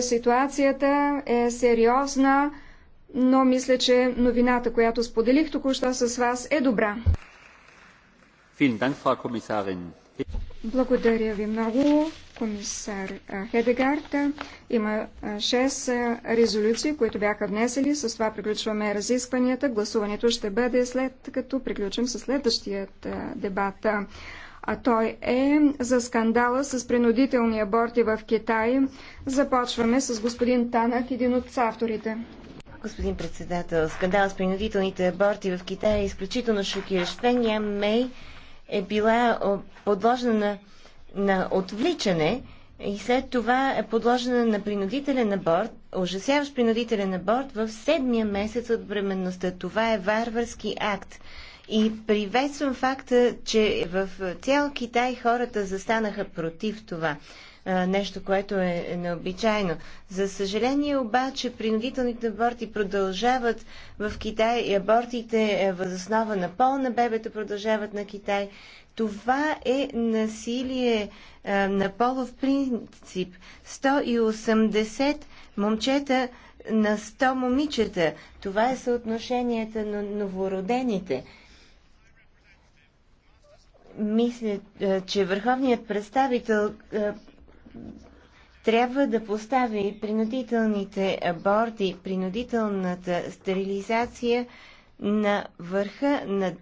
Ситуацията е сериозна, но мисля, че новината, която споделих току-що с вас, е добра. Благодаря ви много, комисар Хедегард. Има 6 резолюции, които бяха внесели. С това приключваме разискванията. Гласуването ще бъде след като приключим с следващият дебат а той е за скандала с принудителни аборти в Китай. Започваме с господин Танак, един от авторите. Господин председател, скандал с принудителните аборти в Китай е изключително шокиращ. Фения Мей е била подложена на, на отвличане и след това е подложена на принудителен аборт, ужасяващ принудителен аборт в седмия месец от бременността. Това е варварски акт. И приветствам факта, че в цял Китай хората застанаха против това. Нещо, което е необичайно. За съжаление обаче, принудителните аборти продължават в Китай и абортите е, въз основа на пол на бебето продължават на Китай. Това е насилие е, на полов принцип. 180 момчета на 100 момичета. Това е съотношението на новородените мисля, е, че върховният представител е, трябва да постави принудителните аборти, принудителната стерилизация на върха на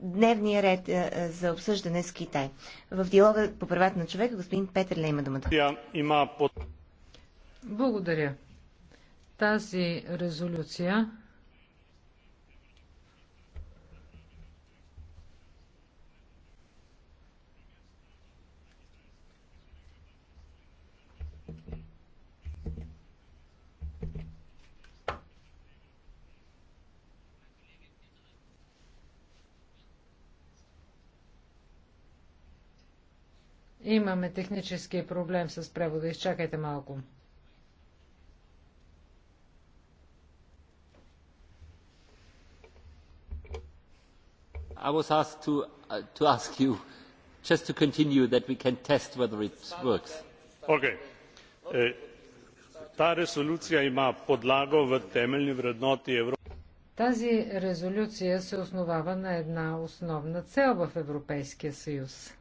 дневния ред е, за обсъждане с Китай. В диалога по правата на човека господин Петър Ле има думата. Благодаря. Тази резолюция Имаме технически проблем с превода. Изчакайте малко. I was asked to, uh, to ask you just to continue that we can test whether it works. Okay. Eh, ta resolucija ima podlago v temeljni vrednoti Evrope. Тази резолюция се основава на една основна цел в Европейския съюз.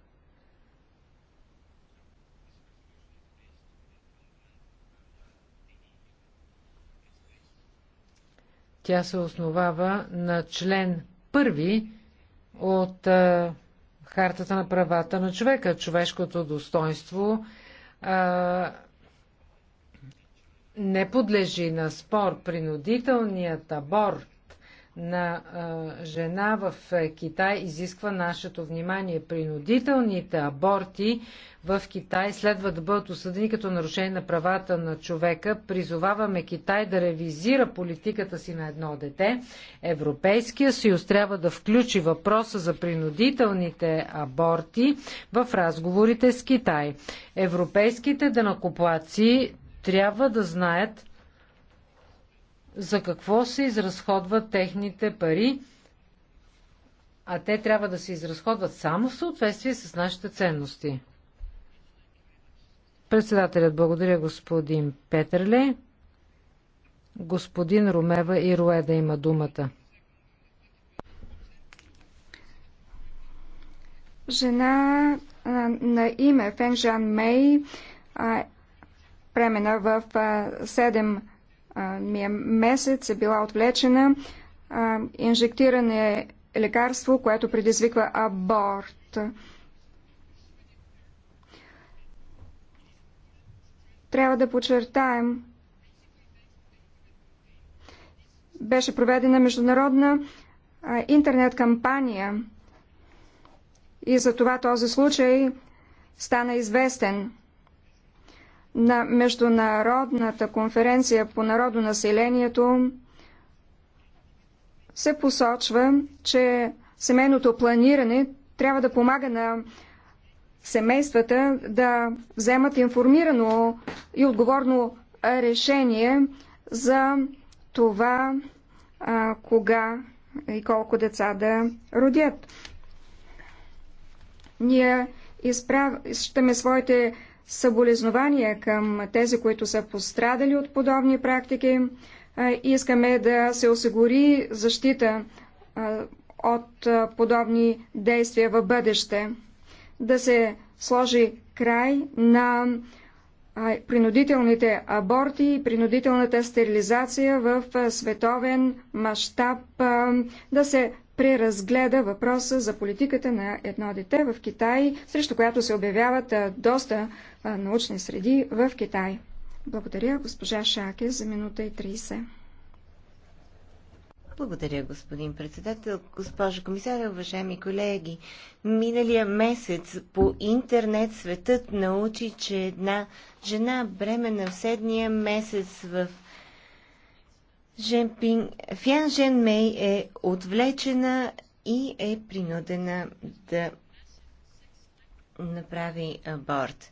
Тя се основава на член първи от а, Хартата на правата на човека, човешкото достоинство. А, не подлежи на спор. Принудителният аборт на жена в е, Китай изисква нашето внимание. Принудителните аборти в Китай следва да бъдат осъдени като нарушение на правата на човека. Призоваваме Китай да ревизира политиката си на едно дете. Европейския съюз трябва да включи въпроса за принудителните аборти в разговорите с Китай. Европейските данакоплаци трябва да знаят, за какво се изразходват техните пари, а те трябва да се изразходват само в съответствие с нашите ценности. Председателят благодаря господин Петърле. Господин Ромева и Руеда има думата. Жена на име Фенжан Мей премена в 7 е месец е била отвлечена. Инжектиране е лекарство, което предизвиква аборт. Трябва да подчертаем, беше проведена международна интернет кампания и за това този случай стана известен на Международната конференция по народонаселението се посочва, че семейното планиране трябва да помага на семействата да вземат информирано и отговорно решение за това а, кога и колко деца да родят. Ние изправ... изправяме своите съболезнования към тези, които са пострадали от подобни практики. Искаме да се осигури защита от подобни действия в бъдеще. Да се сложи край на принудителните аборти и принудителната стерилизация в световен мащаб, да се преразгледа въпроса за политиката на едно дете в Китай, срещу която се обявяват доста научни среди в Китай. Благодаря, госпожа Шаке, за минута и 30. Благодаря, господин председател, госпожо комисаря, уважаеми колеги. Миналия месец по интернет светът научи, че една жена бремена в седния месец в Женпинг Фян Жен Мей е отвлечена и е принудена да направи аборт.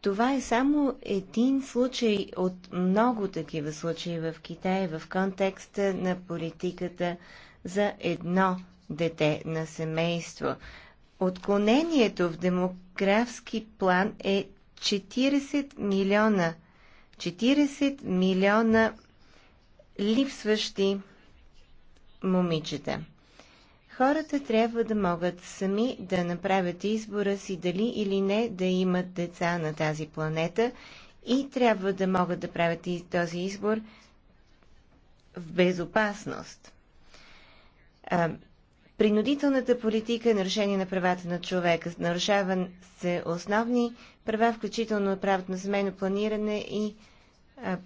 Това е само един случай от много такива случаи в Китай в контекста на политиката за едно дете на семейство. Отклонението в демографски план е 40 милиона. 40 милиона липсващи момичета. Хората трябва да могат сами да направят избора си дали или не да имат деца на тази планета и трябва да могат да правят и този избор в безопасност. А, принудителната политика е нарушение на правата на човека. Нарушава се основни права, включително правото на семейно планиране и а,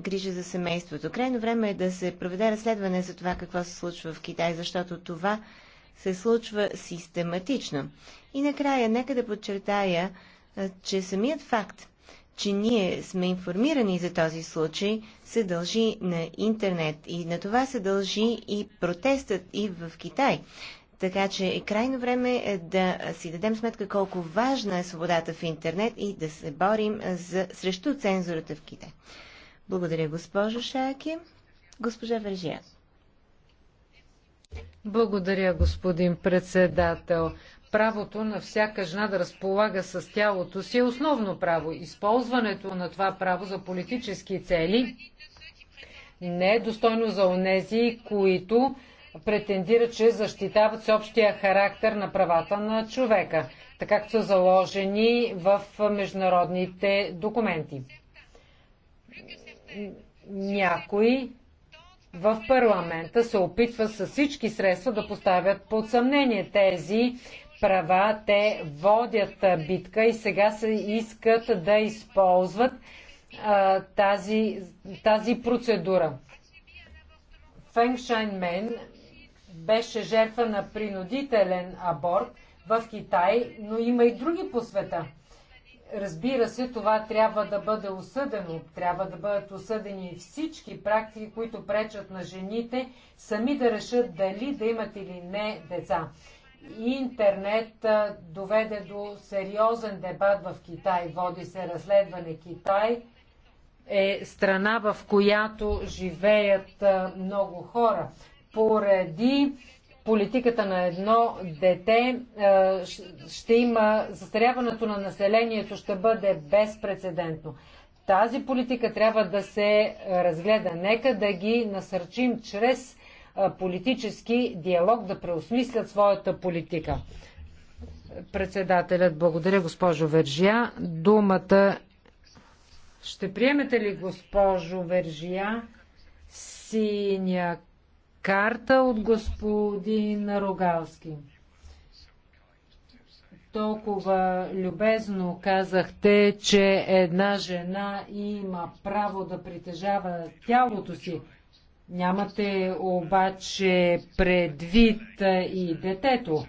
грижа за семейството. Крайно време е да се проведе разследване за това какво се случва в Китай, защото това се случва систематично. И накрая, нека да подчертая, че самият факт, че ние сме информирани за този случай, се дължи на интернет. И на това се дължи и протестът и в Китай. Така че е крайно време е, да си дадем сметка колко важна е свободата в интернет и да се борим за, срещу цензурата в Китай. Благодаря, госпожо Шаки. Госпожа Вържия. Благодаря, господин председател. Правото на всяка жена да разполага с тялото си е основно право. Използването на това право за политически цели не е достойно за онези, които претендират, че защитават всеобщия характер на правата на човека, така както са заложени в международните документи някой в парламента се опитва с всички средства да поставят под съмнение тези права. Те водят битка и сега се искат да използват а, тази, тази процедура. Фенг Мен беше жертва на принудителен аборт в Китай, но има и други по света. Разбира се, това трябва да бъде осъдено. Трябва да бъдат осъдени всички практики, които пречат на жените сами да решат дали да имат или не деца. Интернет доведе до сериозен дебат в Китай. Води се разследване Китай е страна, в която живеят много хора. Поради политиката на едно дете, е, ще има застаряването на населението, ще бъде безпредседентно. Тази политика трябва да се разгледа. Нека да ги насърчим чрез е, политически диалог да преосмислят своята политика. Председателят, благодаря госпожо Вержия. Думата ще приемете ли госпожо Вержия синя карта от господин Рогалски. Толкова любезно казахте, че една жена има право да притежава тялото си. Нямате обаче предвид и детето.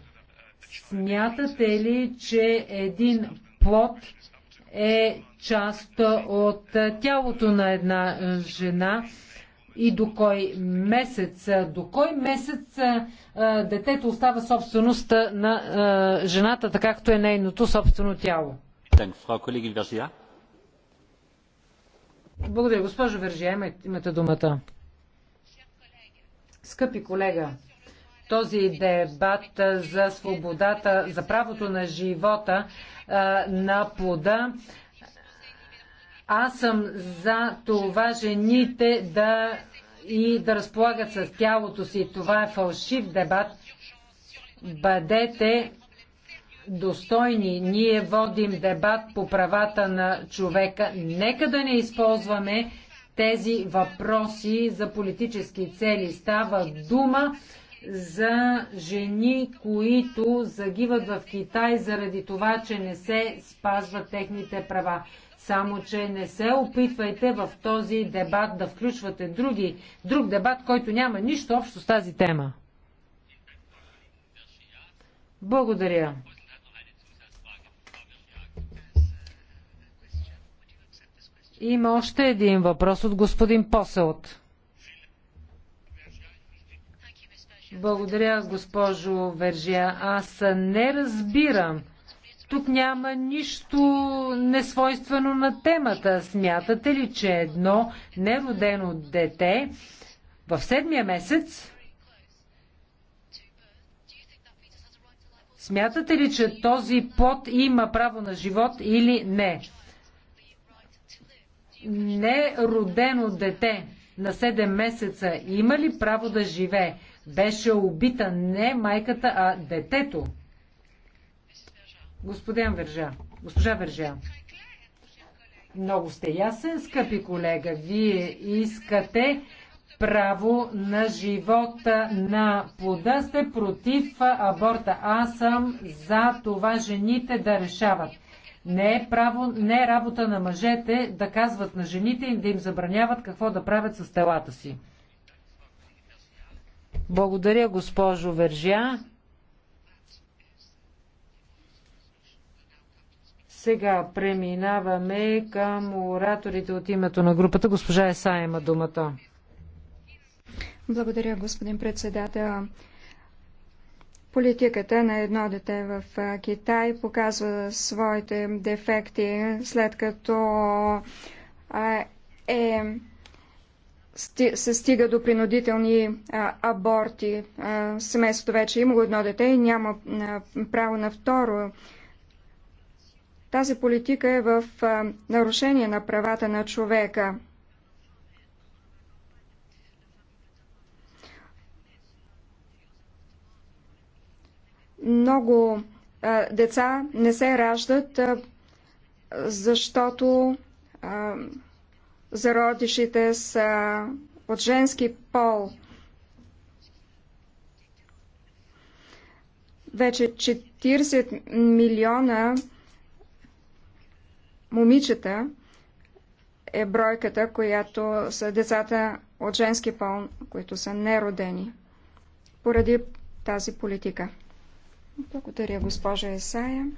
Смятате ли, че един плод е част от тялото на една жена? и до кой месец. До кой месец а, детето остава собственост на а, жената, така както е нейното собствено тяло. Благодаря, госпожо Вержия. Имате думата. Скъпи колега, този дебат за свободата, за правото на живота а, на плода аз съм за това жените да и да разполагат с тялото си. Това е фалшив дебат. Бъдете достойни. Ние водим дебат по правата на човека. Нека да не използваме тези въпроси за политически цели. Става дума за жени, които загиват в Китай заради това, че не се спазват техните права. Само, че не се опитвайте в този дебат да включвате други, друг дебат, който няма нищо общо с тази тема. Благодаря. Има още един въпрос от господин Поселт. Благодаря, госпожо Вержия. Аз не разбирам тук няма нищо несвойствено на темата. Смятате ли, че едно неродено дете в седмия месец Смятате ли, че този плод има право на живот или не? Неродено дете на 7 месеца има ли право да живее? Беше убита не майката, а детето. Господин Вержа, госпожа Вержа, много сте ясен, скъпи колега. Вие искате право на живота на плода. Сте против аборта. Аз съм за това жените да решават. Не е, право, не е работа на мъжете да казват на жените и да им забраняват какво да правят с телата си. Благодаря, госпожо Вержя. Сега преминаваме към ораторите от името на групата. Госпожа Еса има думата. Благодаря, господин председател. Политиката на едно дете в Китай показва своите дефекти, след като е, се стига до принудителни аборти. Семейството вече е имало едно дете и няма право на второ тази политика е в нарушение на правата на човека. Много деца не се раждат, защото зародишите са от женски пол. Вече 40 милиона момичета е бройката, която са децата от женски пол, които са неродени поради тази политика. Благодаря, госпожа Есая.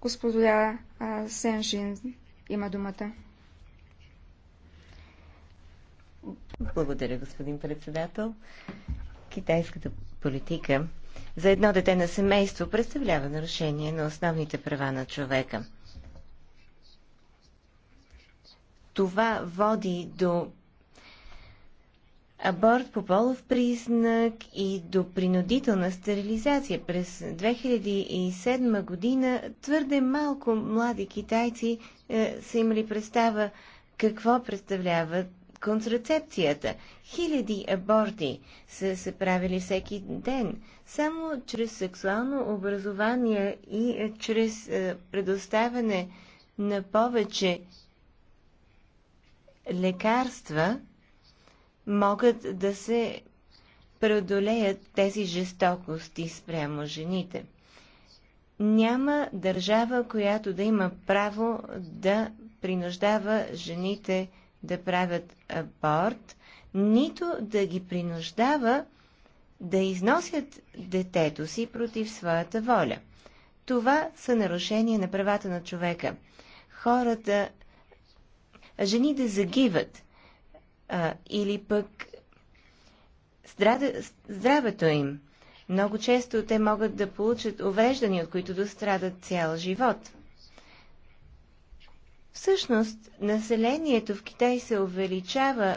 Господа Сенжин има думата. Благодаря, господин председател. Китайската политика за едно дете на семейство представлява нарушение на основните права на човека – това води до аборт по полов признак и до принудителна стерилизация. През 2007 година твърде малко млади китайци е, са имали представа какво представлява контрацепцията. Хиляди аборти са се правили всеки ден, само чрез сексуално образование и е, чрез е, предоставяне на повече лекарства могат да се преодолеят тези жестокости спрямо жените. Няма държава, която да има право да принуждава жените да правят аборт, нито да ги принуждава да износят детето си против своята воля. Това са нарушения на правата на човека. Хората жени да загиват а, или пък здраве, здравето им. Много често те могат да получат увреждания, от които дострадат цял живот. Всъщност, населението в Китай се увеличава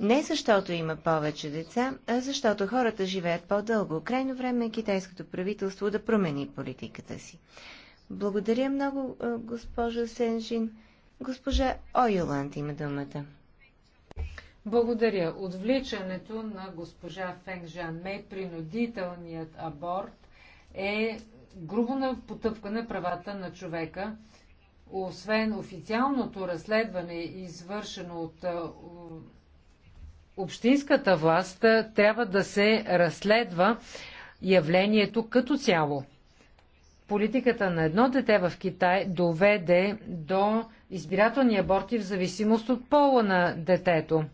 не защото има повече деца, а защото хората живеят по-дълго. Крайно време е китайското правителство да промени политиката си. Благодаря много, госпожа Сенжин. Госпожа Ойоланд има думата. Благодаря. Отвличането на госпожа Фенг Жан Мей, принудителният аборт, е грубо на потъпка на правата на човека. Освен официалното разследване, извършено от общинската власт, трябва да се разследва явлението като цяло. Политиката на едно дете в Китай доведе до избирателни аборти в зависимост от пола на детето.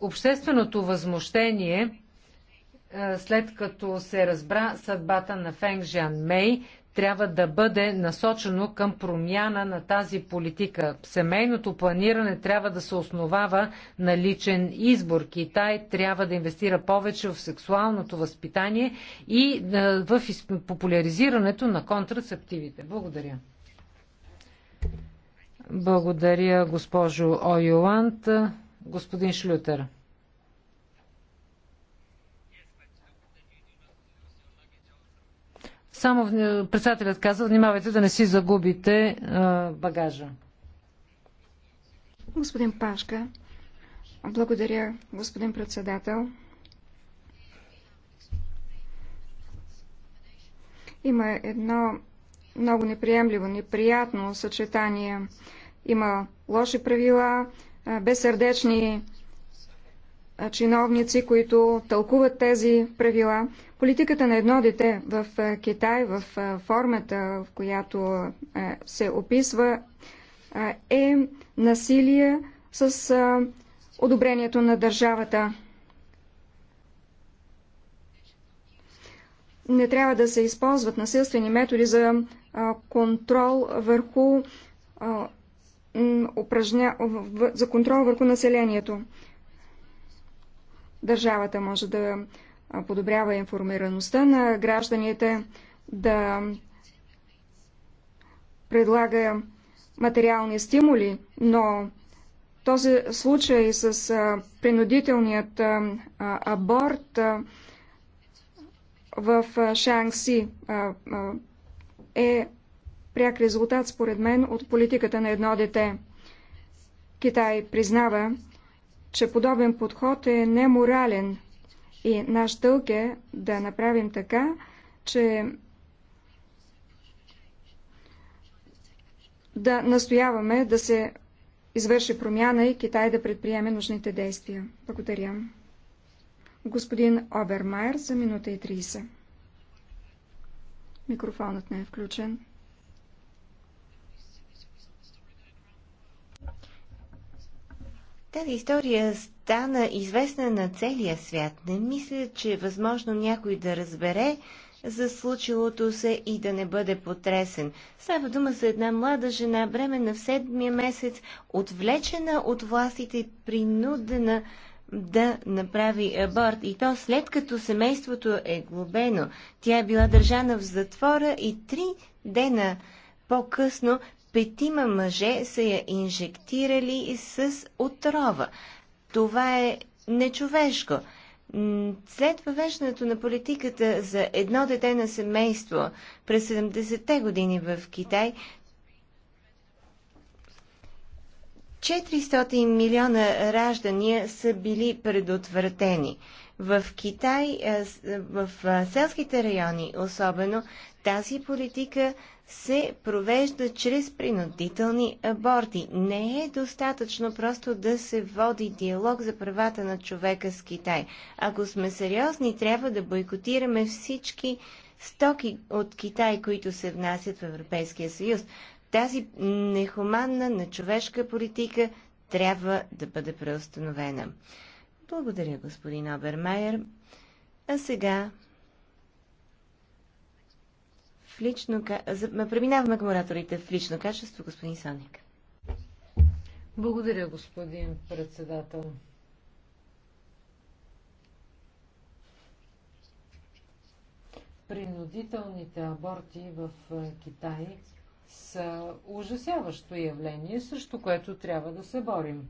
Общественото възмущение, е, след като се разбра съдбата на Фенг Жан Мей, трябва да бъде насочено към промяна на тази политика. Семейното планиране трябва да се основава на личен избор. Китай трябва да инвестира повече в сексуалното възпитание и в популяризирането на контрацептивите. Благодаря. Благодаря, госпожо Ойоланд. Господин Шлютер. Само председателят каза, внимавайте да не си загубите а, багажа. Господин Пашка, благодаря, господин председател. Има едно много неприемливо, неприятно съчетание. Има лоши правила, безсърдечни чиновници, които тълкуват тези правила. Политиката на едно дете в Китай, в формата, в която се описва, е насилие с одобрението на държавата. Не трябва да се използват насилствени методи за контрол върху за контрол върху населението. Държавата може да подобрява информираността на гражданите, да предлага материални стимули, но този случай с принудителният аборт в Шанкси е пряк резултат, според мен, от политиката на едно дете. Китай признава, че подобен подход е неморален и наш дълг е да направим така, че да настояваме да се извърши промяна и Китай да предприеме нужните действия. Благодаря. Господин Обермайер за минута и 30. Микрофонът не е включен. Тази история стана известна на целия свят. Не мисля, че е възможно някой да разбере за случилото се и да не бъде потресен. Става дума за една млада жена, бременна в седмия месец, отвлечена от властите принудена да направи аборт. И то след като семейството е глобено. Тя е била държана в затвора и три дена по-късно петима мъже са я инжектирали с отрова. Това е нечовешко. След въвеждането на политиката за едно дете на семейство през 70-те години в Китай, 400 милиона раждания са били предотвратени. В Китай, в селските райони особено, тази политика се провежда чрез принудителни аборти. Не е достатъчно просто да се води диалог за правата на човека с Китай. Ако сме сериозни, трябва да бойкотираме всички стоки от Китай, които се внасят в Европейския съюз. Тази нехуманна на човешка политика трябва да бъде преустановена. Благодаря, господин Обермайер. А сега в лично... Преминаваме към ораторите в лично качество, господин Соник. Благодаря, господин председател. Принудителните аборти в е, Китай са ужасяващо явление, срещу което трябва да се борим.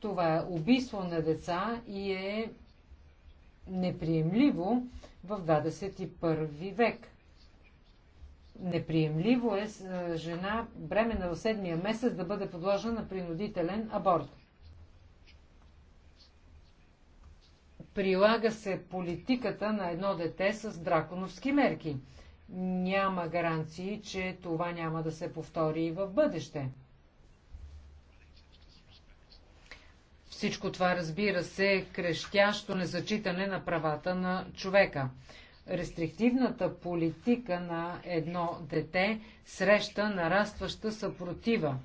Това е убийство на деца и е неприемливо в 21 век. Неприемливо е жена бремена в седмия месец да бъде подложена на принудителен аборт. Прилага се политиката на едно дете с драконовски мерки. Няма гаранции, че това няма да се повтори и в бъдеще. Всичко това, разбира се, е крещящо незачитане на правата на човека рестриктивната политика на едно дете среща нарастваща съпротива.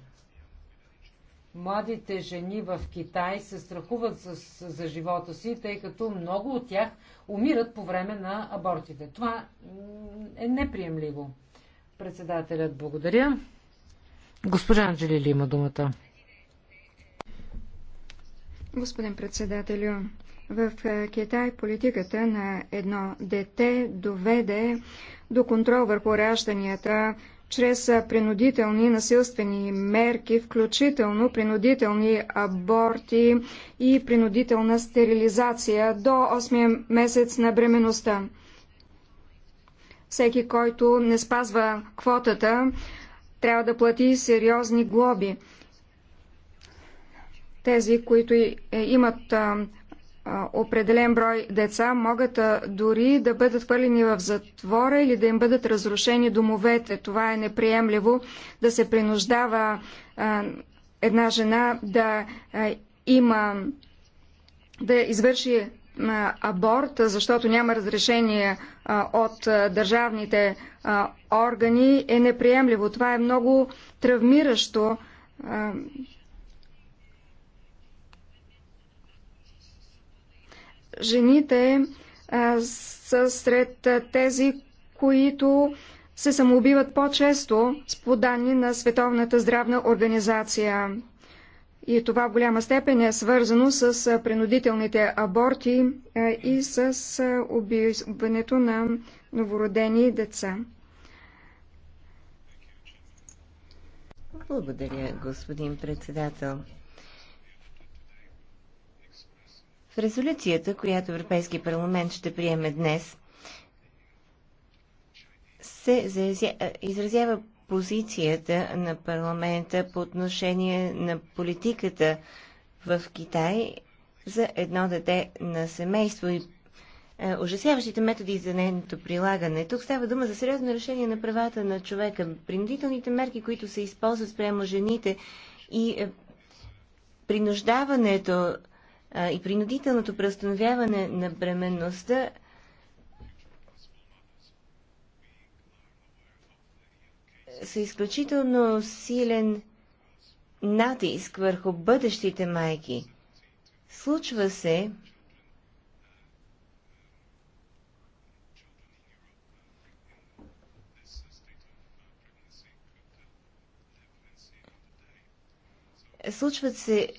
Младите жени в Китай се страхуват за, за живота си, тъй като много от тях умират по време на абортите. Това е неприемливо. Председателят благодаря. Госпожа Анджелили има думата. Господин председателю, в Китай политиката на едно дете доведе до контрол върху ражданията чрез принудителни насилствени мерки, включително принудителни аборти и принудителна стерилизация до 8 месец на бременността. Всеки, който не спазва квотата, трябва да плати сериозни глоби. Тези, които е, имат определен брой деца могат дори да бъдат хвърлени в затвора или да им бъдат разрушени домовете. Това е неприемливо да се принуждава една жена да има да извърши аборт, защото няма разрешение от държавните органи, е неприемливо. Това е много травмиращо жените а, са сред тези, които се самоубиват по-често с подани на Световната здравна организация. И това в голяма степен е свързано с принудителните аборти и с убиването на новородени деца. Благодаря, господин председател. резолюцията, която Европейски парламент ще приеме днес, се е, изразява позицията на парламента по отношение на политиката в Китай за едно дете на семейство и е, ужасяващите методи за нейното прилагане. Тук става дума за сериозно решение на правата на човека. Принудителните мерки, които се използват спрямо жените и е, принуждаването а, и принудителното преустановяване на бременността са изключително силен натиск върху бъдещите майки. Случва се случват се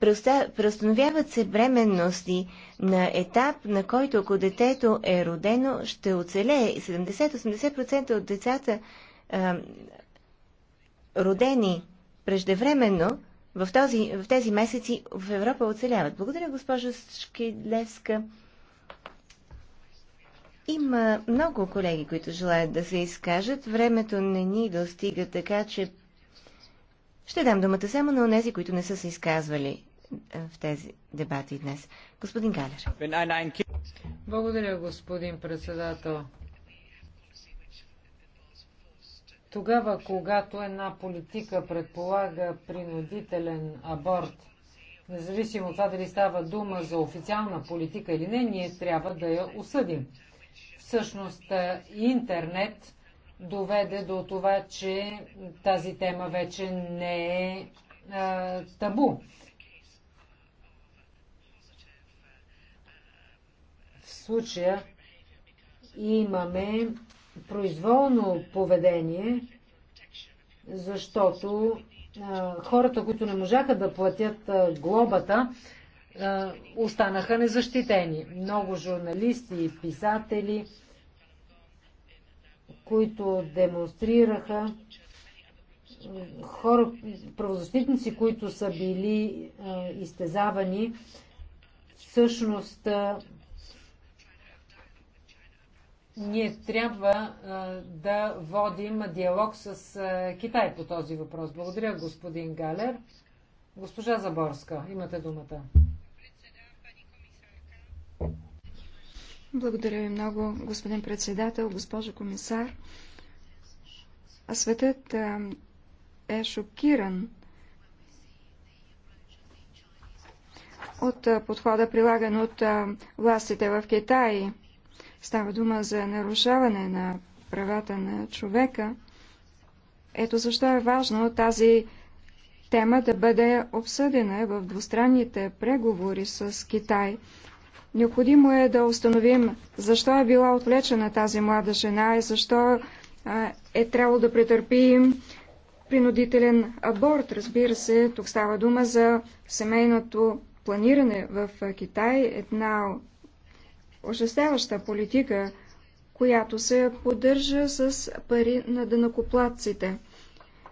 Преустановяват се бременности на етап, на който ако детето е родено, ще оцелее. 70-80% от децата, а, родени преждевременно, в, този, в тези месеци в Европа оцеляват. Благодаря, госпожо Шкидлевска. Има много колеги, които желаят да се изкажат. Времето не ни достига, така че ще дам думата само на тези, които не са се изказвали. Е, в тези дебати днес. Господин Галер. Благодаря, господин председател. Тогава, когато една политика предполага принудителен аборт, независимо от това дали става дума за официална политика или не, ние трябва да я осъдим. Всъщност, е, интернет доведе до това, че тази тема вече не е а, е, табу. случая имаме произволно поведение, защото а, хората, които не можаха да платят а, глобата, а, останаха незащитени. Много журналисти и писатели, които демонстрираха, хора, правозащитници, които са били а, изтезавани, всъщност а, ние трябва да водим диалог с Китай по този въпрос. Благодаря, господин Галер. Госпожа Заборска, имате думата. Благодаря ви много, господин председател, госпожо комисар. А светът е шокиран от подхода, прилаган от властите в Китай. Става дума за нарушаване на правата на човека. Ето защо е важно тази тема да бъде обсъдена в двустранните преговори с Китай. Необходимо е да установим защо е била отвлечена тази млада жена и защо е трябвало да претърпи принудителен аборт. Разбира се, тук става дума за семейното планиране в Китай, една ужасяваща политика, която се поддържа с пари на дънакоплатците.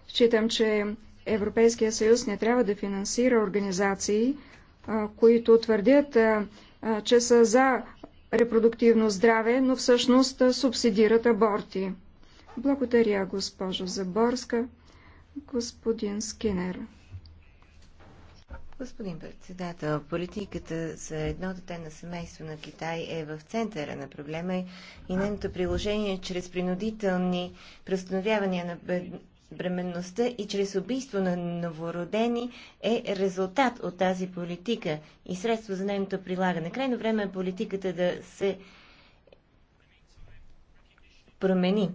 Считам, че Европейския съюз не трябва да финансира организации, които твърдят, че са за репродуктивно здраве, но всъщност субсидират аборти. Благодаря, госпожо Заборска. Господин Скинер. Господин председател, политиката за едно дете на семейство на Китай е в центъра на проблема и нейното приложение е чрез принудителни преустановявания на бременността и чрез убийство на новородени е резултат от тази политика и средство за нейното прилагане. Крайно време е политиката да се промени.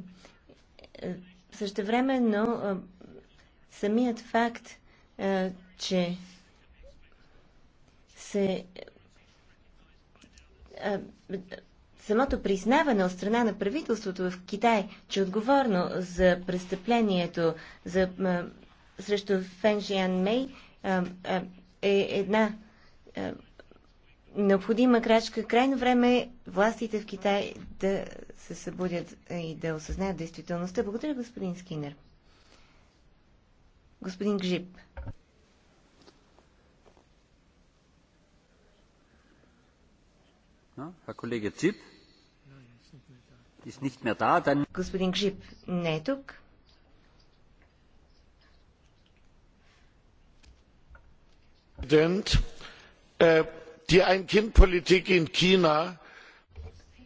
но самият факт, че се самото признаване от страна на правителството в Китай, че е отговорно за престъплението за, а, срещу Фен Жиан Мей а, а, е една а, необходима крачка. Крайно време е властите в Китай да се събудят и да осъзнаят действителността. Благодаря, господин Скинер. Господин Гжип. Herr Kollege Zip ist nicht mehr da, dann... Господин Гжип не е тук. Е,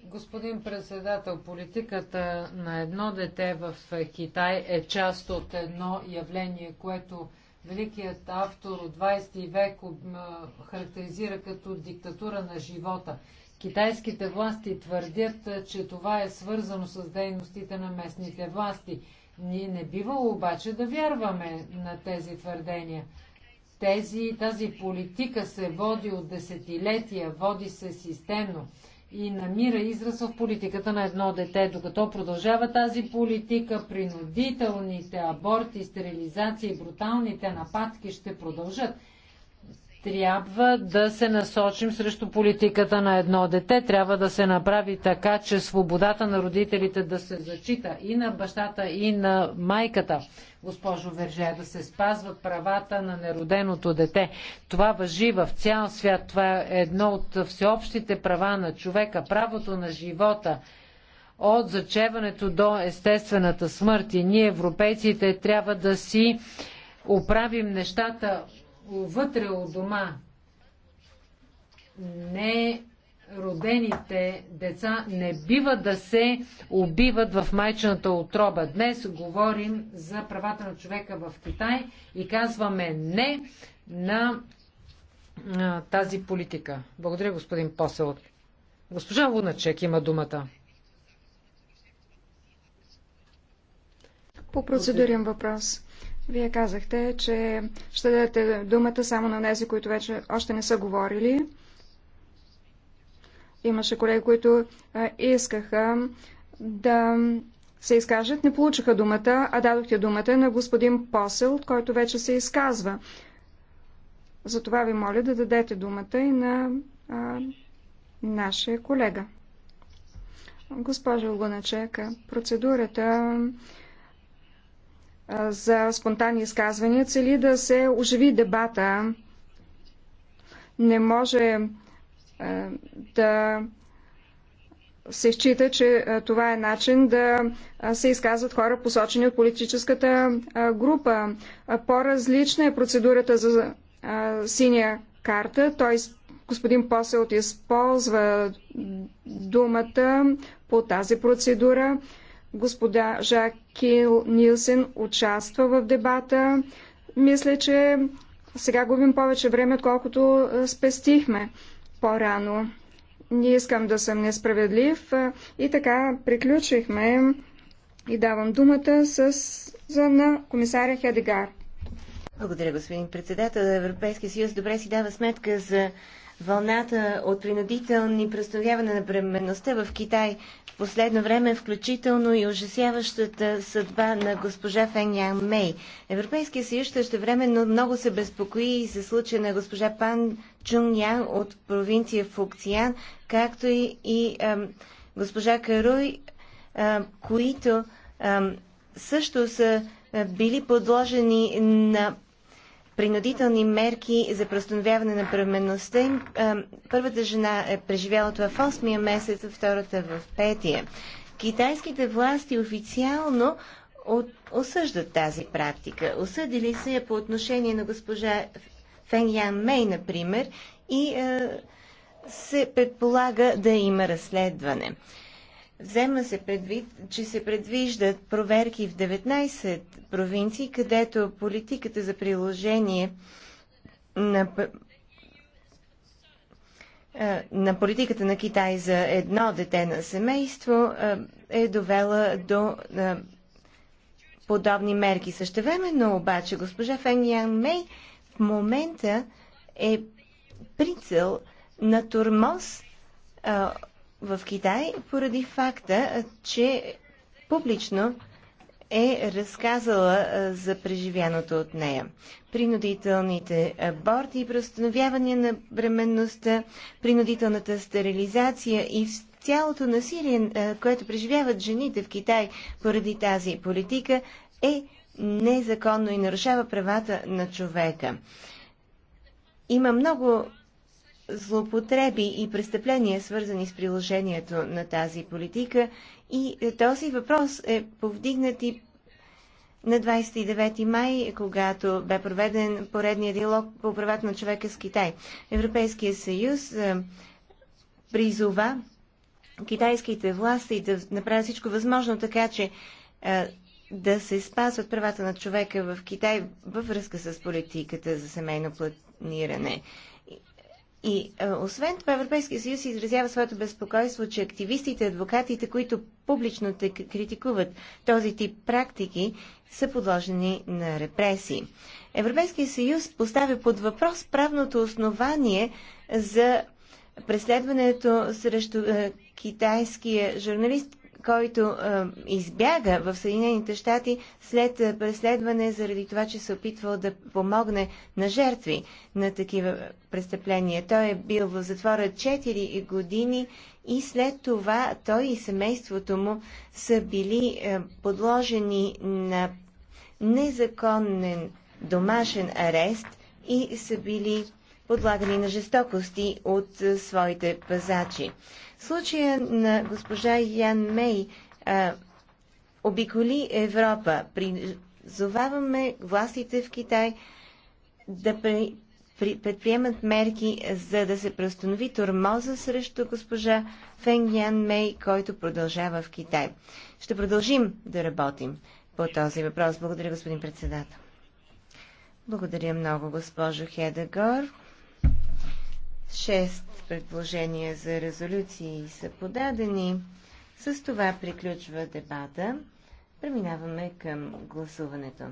Господин председател, политиката на едно дете в Китай е част от едно явление, което великият автор от 20 век характеризира като диктатура на живота. Китайските власти твърдят, че това е свързано с дейностите на местните власти. Ние не бива обаче да вярваме на тези твърдения. Тези, тази политика се води от десетилетия, води се системно и намира израз в политиката на едно дете. Докато продължава тази политика, принудителните аборти, стерилизации и бруталните нападки ще продължат трябва да се насочим срещу политиката на едно дете. Трябва да се направи така, че свободата на родителите да се зачита и на бащата, и на майката. Госпожо Верже, да се спазват правата на нероденото дете. Това въжи в цял свят. Това е едно от всеобщите права на човека, правото на живота от зачеването до естествената смърт. И ние, европейците, трябва да си оправим нещата вътре у дома не родените деца не бива да се убиват в майчената отроба. Днес говорим за правата на човека в Китай и казваме не на, тази политика. Благодаря, господин Посел. Госпожа Луначек има думата. По процедурен въпрос. Вие казахте, че ще дадете думата само на тези, които вече още не са говорили. Имаше колеги, които искаха да се изкажат, не получиха думата, а дадохте думата на господин Посел, който вече се изказва. Затова ви моля да дадете думата и на а, нашия колега. Госпожа Луначека, процедурата за спонтанни изказвания цели да се оживи дебата. Не може да се счита, че това е начин да се изказват хора, посочени от политическата група. По-различна е процедурата за синя карта. Той, господин Поселт, използва думата по тази процедура. Господа Жак Кил Нилсен участва в дебата. Мисля, че сега губим повече време, отколкото спестихме по-рано. Не искам да съм несправедлив. И така приключихме и давам думата с, за, на комисаря Хедегар. Благодаря, господин председател. Европейския съюз добре си дава сметка за Вълната от принудителни представяване на бременността в Китай в последно време, включително и ужасяващата съдба на госпожа Фен Ян Мей. Европейския съюз ще временно много се безпокои и се случая на госпожа Пан Чун Ян от провинция Фукциан, както и, и ам, госпожа Каруй, ам, които ам, също са били подложени на принудителни мерки за преустановяване на пременността им. Първата жена е преживяла това в 8-я месец, втората в 5-я. Китайските власти официално от, осъждат тази практика. Осъдили се я по отношение на госпожа Фен Ян Мей, например, и е, се предполага да има разследване. Взема се предвид, че се предвиждат проверки в 19 провинции, където политиката за приложение на, на политиката на Китай за едно дете на семейство е довела до подобни мерки. Същевременно обаче госпожа Фен Ян Мей в момента е прицел на турмоз в Китай поради факта, че публично е разказала за преживяното от нея. Принудителните аборти и преустановяване на бременността, принудителната стерилизация и цялото насилие, което преживяват жените в Китай поради тази политика, е незаконно и нарушава правата на човека. Има много злоупотреби и престъпления, свързани с приложението на тази политика. И е, този въпрос е повдигнат и на 29 май, когато бе проведен поредния диалог по правата на човека с Китай. Европейския съюз е, призова китайските власти да направят всичко възможно, така че е, да се спазват правата на човека в Китай във връзка с политиката за семейно планиране. И а, е, освен това, Европейския съюз изразява своето безпокойство, че активистите, адвокатите, които публично те критикуват този тип практики, са подложени на репресии. Европейския съюз поставя под въпрос правното основание за преследването срещу е, китайския журналист който а, избяга в Съединените щати след преследване заради това, че се опитвал да помогне на жертви на такива престъпления. Той е бил в затвора 4 години и след това той и семейството му са били а, подложени на незаконен домашен арест и са били подлагани на жестокости от а, своите пазачи. Случая на госпожа Ян Мей а, обиколи Европа. Призоваваме властите в Китай да при, при, предприемат мерки, за да се преустанови тормоза срещу госпожа Фенг Ян Мей, който продължава в Китай. Ще продължим да работим по този въпрос. Благодаря, господин председател. Благодаря много, госпожо Хедагор. Шест предложения за резолюции са подадени. С това приключва дебата. Преминаваме към гласуването.